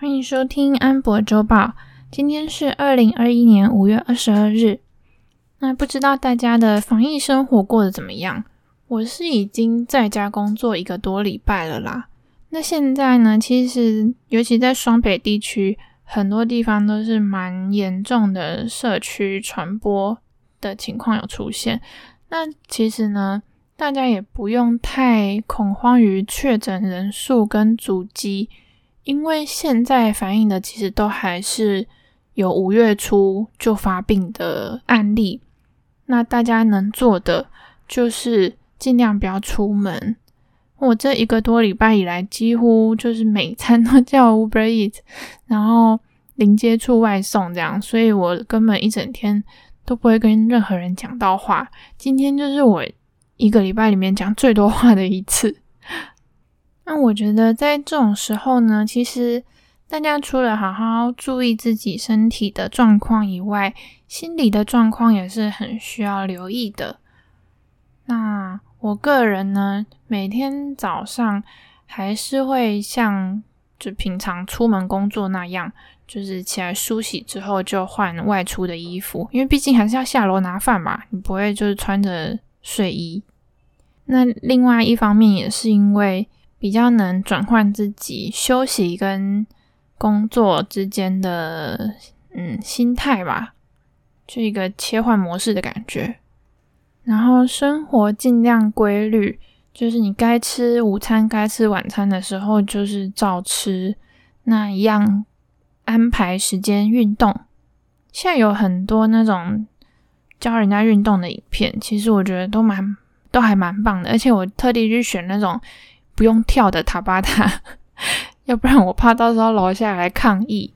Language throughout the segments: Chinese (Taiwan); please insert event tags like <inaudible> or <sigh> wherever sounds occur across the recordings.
歡迎收聽《安博周報》。今天是二零二一年五月二十二日。那不知道大家的防疫生活過得怎麼樣？我是已經在家工作一個多禮拜了啦。那現在呢，其實尤其在雙北地區，很多地方都是蠻嚴重的社區傳播的情況有出現。那其實呢，大家也不用太恐慌於確診人數跟足跡。因為現在反映的其實都還是有五月初就發病的案例，那大家能做的就是儘量不要出門。我這一個多禮拜以來，幾乎就是每餐都叫 Uber Eats，然後零接觸外送這樣，所以我根本一整天都不會跟任何人講到話。今天就是我一個禮拜裡面講最多話的一次。那我覺得，在這種時候呢，其實大家除了好好注意自己身體的狀況以外，心理的狀況也是很需要留意的。那我個人呢，每天早上還是會像就平常出門工作那樣，就是起來梳洗之後就換外出的衣服，因為畢竟還是要下樓拿飯嘛，你不會就是穿着睡衣。那另外一方面也是因為。比較能轉換自己休息跟工作之間的嗯心態吧，就一個切換模式的感覺。然後生活盡量規律，就是你該吃午餐、該吃晚餐的時候就是照吃，那一樣安排時間運動。現在有很多那種教人家運動的影片，其實我覺得都蠻，都還蠻棒的，而且我特地去選那種。不用跳的塔巴塔， <laughs> 要不然我怕到時候樓下來抗議。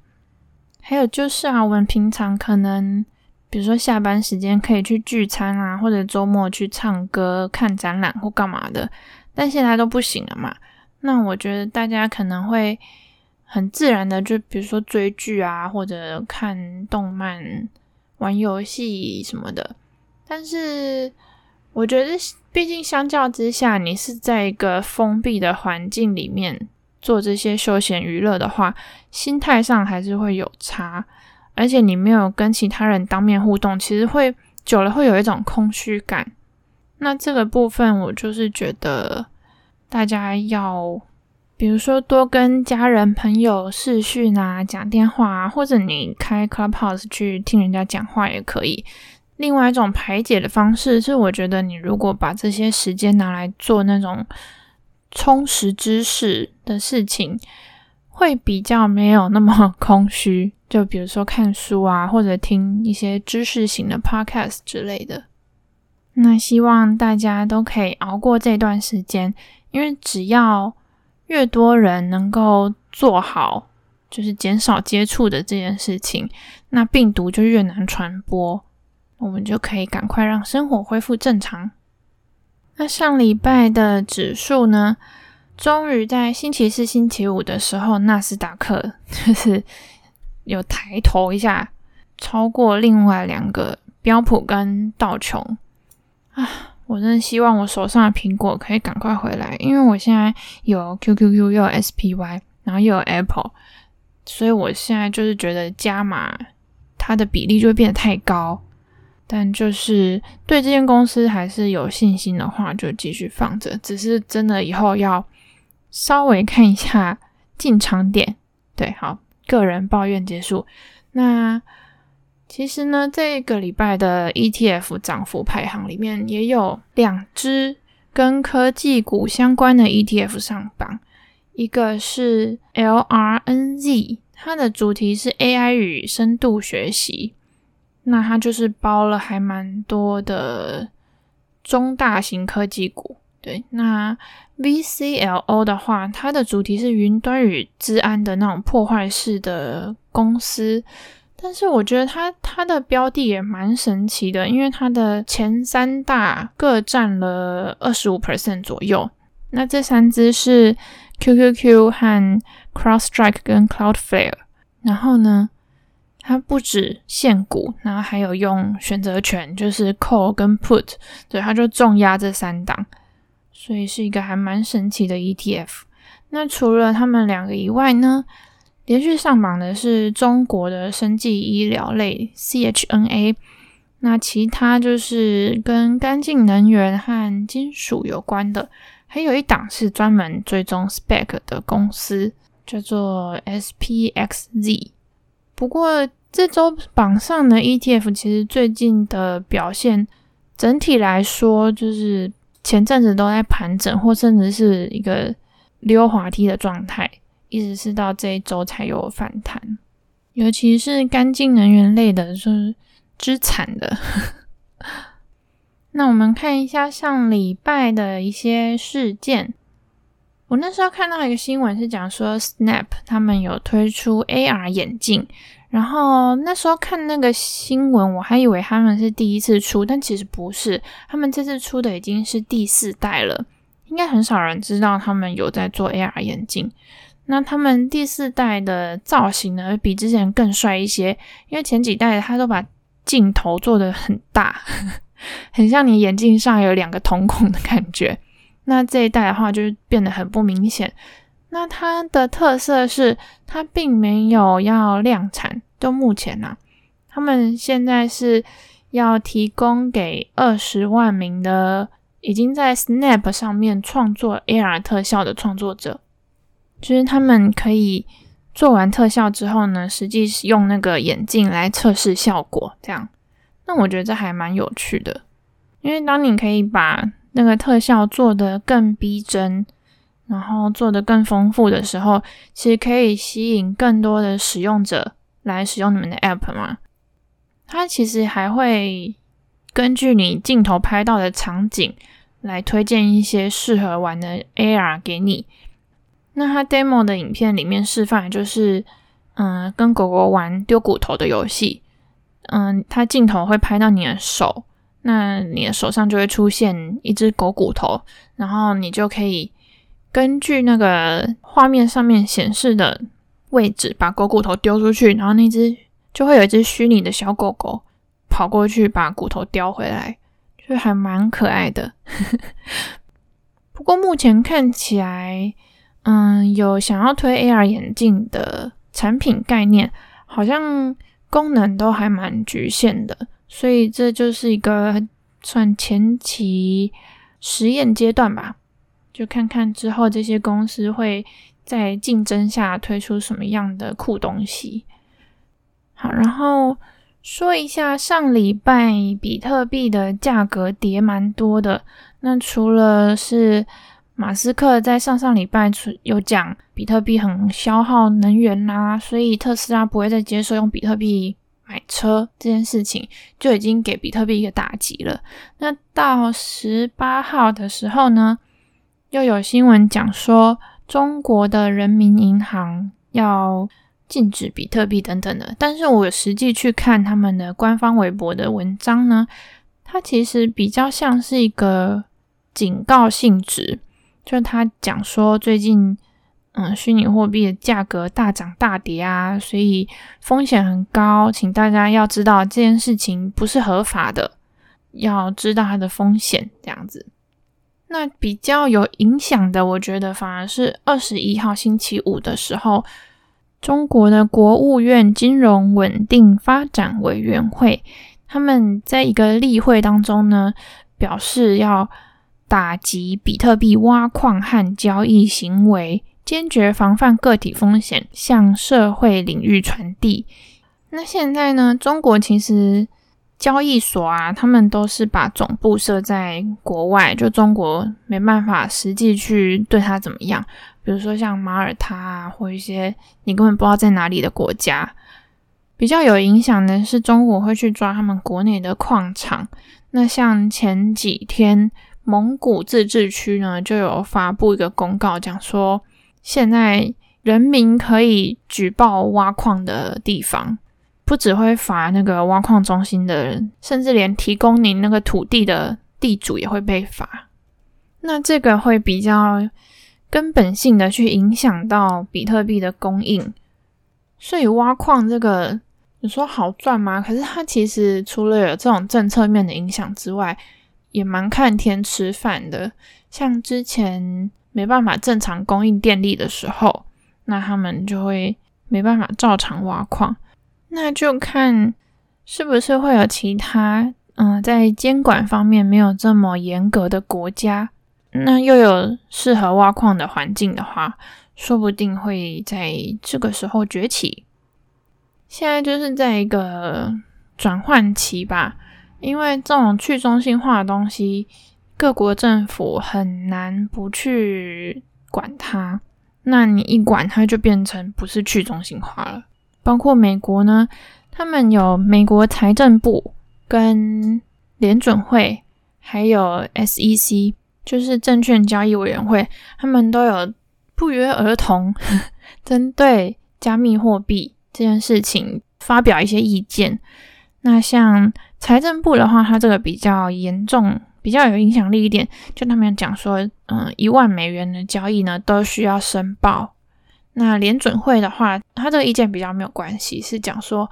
還有就是啊，我們平常可能，比如說下班時間可以去聚餐啊，或者週末去唱歌、看展覽或幹嘛的，但現在都不行了嘛。那我覺得大家可能會很自然的，就比如說追劇啊，或者看動漫、玩遊戲什麼的，但是。我覺得，畢竟相較之下，你是在一個封閉的環境裡面做這些休閒娛樂的話，心態上還是會有差，而且你沒有跟其他人當面互動，其實會久了會有一種空虛感。那這個部分，我就是覺得大家要，比如說多跟家人、朋友視訊啊，講電話啊，或者你開 Clubhouse 去聽人家講話也可以。另外一種排解的方式是，我覺得你如果把這些時間拿來做那種充實知識的事情，會比較沒有那麼空虛。就比如說看書啊，或者聽一些知識型的 podcast 之類的。那希望大家都可以熬過這段時間，因為只要越多人能夠做好，就是減少接觸的這件事情，那病毒就越難傳播。我們就可以趕快讓生活恢復正常。那上禮拜的指數呢，終於在星期四、星期五的時候，納斯達克就是有抬頭一下，超過另外兩個標普跟道瓊。啊，我真的希望我手上的蘋果可以趕快回來，因為我現在有 QQQ，又有 SPY，然後又有 Apple，所以我現在就是覺得加碼它的比例就會變得太高。但就是對這間公司還是有信心的話，就繼續放着。只是真的以後要稍微看一下進場點。對，好，個人抱怨結束。那其實呢，這個禮拜的 ETF 漲幅排行裡面也有兩支跟科技股相關的 ETF 上榜，一個是 LRNZ，它的主題是 AI 與深度學習。那它就是包了還蠻多的中大型科技股，對。那 VCLO 的話，它的主題是雲端與資安的那種破壞式的公司，但是我覺得它它的標的也蠻神奇的，因為它的前三大各占了二十五 percent 左右。那這三只是 QQQ 和 CrowdStrike 跟 Cloudflare，然後呢？它不止現股，然後還有用選擇權，就是 call 跟 put，對，它就重壓這三檔，所以是一個還蠻神奇的 ETF。那除了他們兩個以外呢，連續上榜的是中國的生技醫療類 CHNA，那其他就是跟乾淨能源和金屬有關的，還有一檔是專門追蹤 SPAC 的公司，叫做 SPXZ。不過這週榜上的 ETF 其實最近的表現，整體來說就是前陣子都在盤整，或甚至是一個溜滑梯的狀態，一直是到這一週才有反彈。尤其是乾淨能源類的，就是最慘的。 <laughs> 那我們看一下上禮拜的一些事件。我那時候看到一個新聞，是講說 Snap 他們有推出 AR 眼鏡，然後那時候看那個新聞，我還以為他們是第一次出，但其實不是，他們這次出的已經是第四代了，應該很少人知道他們有在做 AR 眼鏡。那他們第四代的造型呢，比之前更帥一些，因為前幾代他都把鏡頭做的很大，很像你眼鏡上有兩個瞳孔的感覺。那這一代的話就是變得很不明顯。那它的特色是，它並沒有要量產。就目前呢、啊，他們現在是要提供給二十萬名的已經在 Snap 上面創作 AR 特效的創作者，就是他們可以做完特效之後呢，實際是用那個眼鏡來測試效果，這樣。那我覺得這還蠻有趣的，因為當你可以把那個特效做得更逼真，然後做得更豐富的時候，其實可以吸引更多的使用者來使用你們的 app 嘛。它其實還會根據你鏡頭拍到的場景來推薦一些適合玩的 AR 給你。那它 demo 的影片裡面示範就是，嗯，跟狗狗玩丟骨頭的遊戲，嗯，它鏡頭會拍到你的手。那你的手上就會出現一只狗骨頭，然後你就可以根據那個畫面上面顯示的位置，把狗骨頭丟出去，然後那只就會有一只虛擬的小狗狗跑過去把骨頭叼回來，就還蠻可愛的。呵呵呵。不過目前看起來，嗯，有想要推 AR 眼鏡的產品概念，好像功能都還蠻局限的。所以這就是一個算前期實驗階段吧，就看看之後這些公司會在競爭下推出什麼樣的酷東西。好，然後說一下上禮拜比特幣的價格跌蠻多的。那除了是馬斯克在上上禮拜有講比特幣很消耗能源啦、啊，所以特斯拉不會再接受用比特幣。買車這件事情就已經給比特幣一個打擊了。那到十八號的時候呢，又有新聞講說中國的人民銀行要禁止比特幣等等的。但是我實際去看他們的官方微博的文章呢，它其實比較像是一個警告性質，就他講說最近。嗯，虛擬貨幣的價格大漲大跌啊，所以風險很高，請大家要知道這件事情不是合法的，要知道它的風險這樣子。那比較有影響的，我覺得反而是二十一號星期五的時候，中國的國務院金融穩定發展委員會，他們在一個例會當中呢，表示要打擊比特幣挖礦和交易行為。堅決防範個體風險向社會領域傳遞。那現在呢？中國其實交易所啊，他們都是把總部設在國外，就中國沒辦法實際去對它怎麼樣。比如說像馬耳他啊，或一些你根本不知道在哪裡的國家，比較有影響的是中國會去抓他們國內的礦場。那像前幾天蒙古自治區呢，就有發布一個公告，講說，現在人民可以舉報挖礦的地方，不只會罰那個挖礦中心的人，甚至連提供您那個土地的地主也會被罰。那這個會比較根本性的去影響到比特幣的供應，所以挖礦這個你說好賺嗎？可是它其實除了有這種政策面的影響之外，也蠻看天吃飯的，像之前，沒辦法正常供應電力的時候，那他們就會沒辦法照常挖礦。那就看是不是會有其他，嗯、呃，在監管方面沒有這麼嚴格的國家，那又有適合挖礦的環境的話，說不定會在這個時候崛起。現在就是在一個轉換期吧，因為這種去中心化的東西。各國政府很難不去管它，那你一管它就變成不是去中心化了。包括美國呢，他們有美國財政部跟聯準會，還有 SEC，就是證券交易委員會，他們都有不約而同呵呵針對加密貨幣這件事情發表一些意見。那像財政部的話，它這個比較嚴重。比較有影響力一點，就他們講說，嗯、呃，一萬美元的交易呢，都需要申報。那聯準會的話，他這個意見比較沒有關係，是講說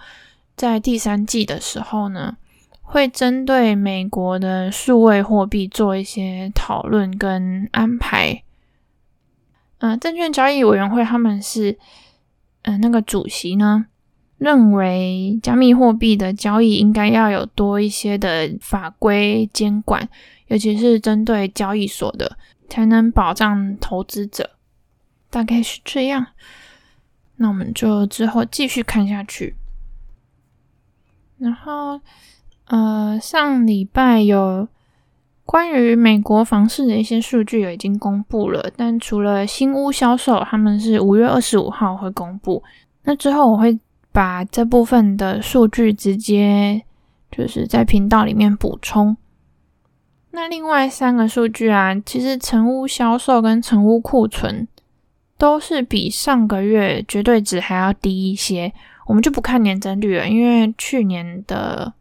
在第三季的時候呢，會針對美國的數位貨幣做一些討論跟安排。嗯、呃，證券交易委員會他們是，嗯、呃，那個主席呢，認為加密貨幣的交易應該要有多一些的法規監管，尤其是針對交易所的，才能保障投資者。大概是這樣。那我們就之後繼續看下去。然後，呃，上禮拜有關於美國房市的一些數據有已經公布了，但除了新屋銷售，他們是五月二十五號會公布。那之後我會。把這部分的數據直接就是在頻道裡面補充。那另外三個數據啊，其實成屋銷售跟成屋庫存都是比上個月絕對值還要低一些。我們就不看年增率了，因為去年的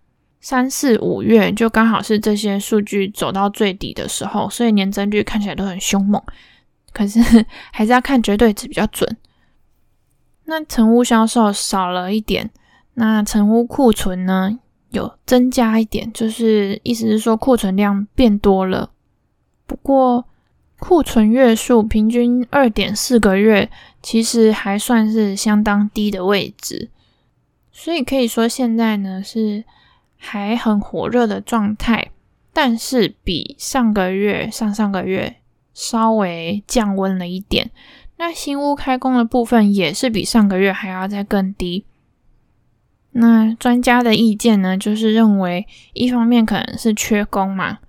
三四五月就剛好是這些數據走到最底的時候，所以年增率看起來都很兇猛。可是還是要看絕對值比較準。那成屋銷售少了一點，那成屋庫存呢，有增加一點，就是意思是說庫存量變多了。不過庫存月數平均二點四個月，其實還算是相當低的位置，所以可以說現在呢，是還很火熱的狀態，但是比上個月、上上個月稍微降溫了一點。那新屋開工的部分也是比上個月還要再更低。那專家的意見呢，就是認為一方面可能是缺工嘛，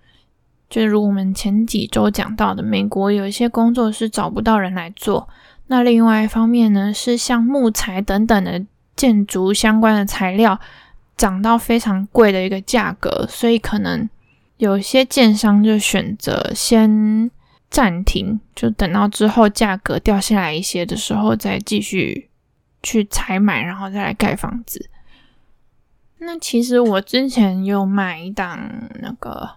就如我們前幾周講到的，美國有一些工作是找不到人來做。那另外一方面呢，是像木材等等的建築相關的材料漲到非常貴的一個價格，所以可能有些建商就選擇先。暫停，就等到之後價格掉下來一些的時候，再繼續去採買，然後再來蓋房子。那其實我之前有買一檔那個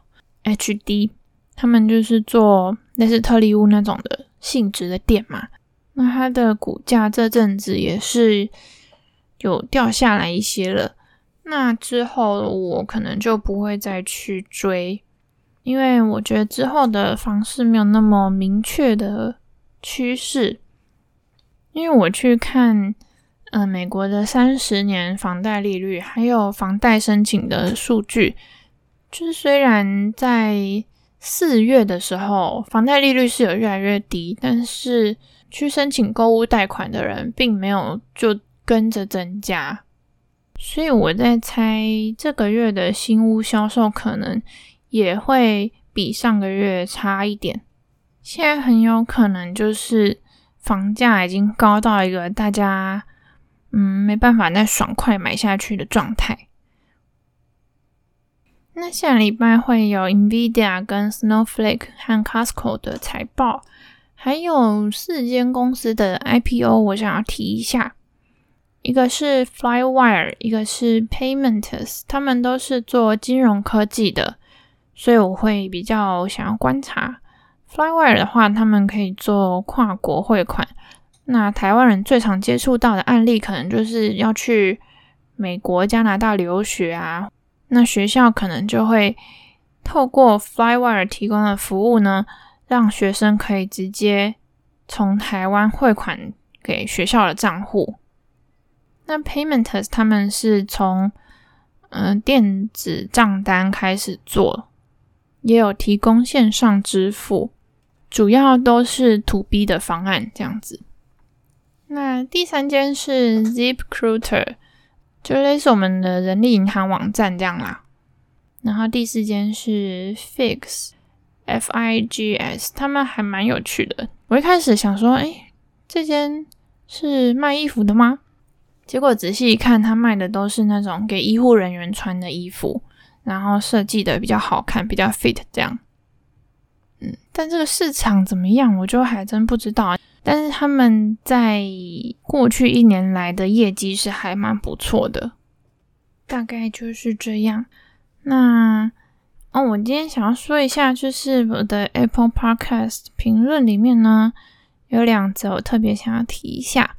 HD，他們就是做類似特力屋那種的性質的店嘛。那它的股價這陣子也是有掉下來一些了。那之後我可能就不會再去追。因為我覺得之後的房市沒有那麼明確的趨勢，因為我去看，呃，美國的三十年房貸利率還有房貸申請的數據，就是雖然在四月的時候房貸利率是有越來越低，但是去申請購屋貸款的人並沒有就跟着增加，所以我在猜這個月的新屋銷售可能。也會比上個月差一點。現在很有可能就是房價已經高到一個大家嗯，沒辦法再爽快買下去的狀態。那下禮拜會有 Nvidia 跟 Snowflake 和 Costco 的財報，還有四間公司的 IPO。我想要提一下，一個是 Flywire，一個是 Paymentus，他們都是做金融科技的。所以我會比較想要觀察 Flywire 的話，他們可以做跨國匯款。那台灣人最常接觸到的案例，可能就是要去美國、加拿大留學啊。那學校可能就會透過 Flywire 提供的服務呢，讓學生可以直接從台灣匯款給學校的賬戶。那 Paymenters 他們是從嗯、呃、電子賬單開始做。也有提供線上支付，主要都是 to B 的方案，這樣子。那第三間是 ZipRecruiter，就類似我們的人力銀行網站這樣啦。然後第四間是 Figs，F I G S，他們還蠻有趣的。我一開始想說，哎、欸，這間是賣衣服的嗎？結果仔細一看，他賣的都是那種給醫護人員穿的衣服。然後設計的比較好看，比較 fit 這樣，嗯，但這個市場怎麼樣，我就還真不知道。但是他們在過去一年來的業績是還蠻不錯的，大概就是這樣。那，哦，我今天想要說一下，就是我的 Apple Podcast 評論裡面呢，有兩則我特別想要提一下，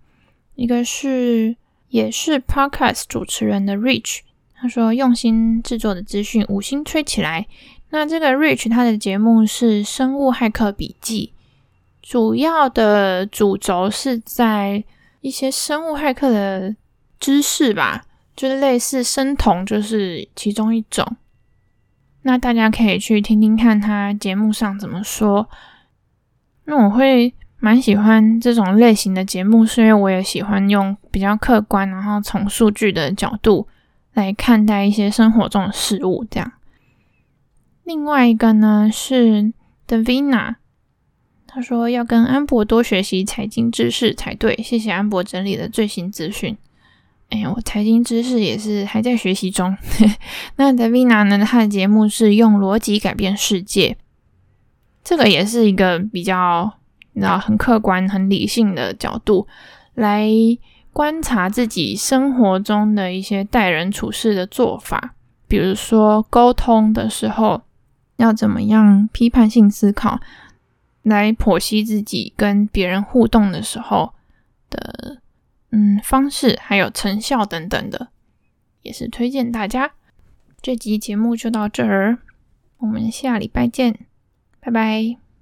一個是也是 Podcast 主持人的 Rich。他說：“用心製作的資訊，五星吹起來。”那這個 Rich 他的節目是《生物駭客筆記》，主要的主軸是在一些生物駭客的知識吧，就是類似生酮，就是其中一種。那大家可以去聽聽看他節目上怎麼說。那我會蠻喜歡這種類型的節目，是因為我也喜歡用比較客觀，然後從數據的角度來看待一些生活中的事物，這樣。另外一個呢是 Davina，她說，要跟安博多學習財經知識才對。謝謝安博整理的最新資訊。哎呀，我財經知識也是還在學習中。 <laughs> 那 Davina 呢？她的節目是用邏輯改變世界，這個也是一個比較，你知道，很客觀、很理性的角度來。觀察自己生活中的一些待人處事的做法，比如說溝通的時候要怎麼樣，批判性思考來剖析自己跟別人互動的時候的嗯方式，還有成效等等的，也是推薦大家。這集節目就到這兒，我們下禮拜見，拜拜。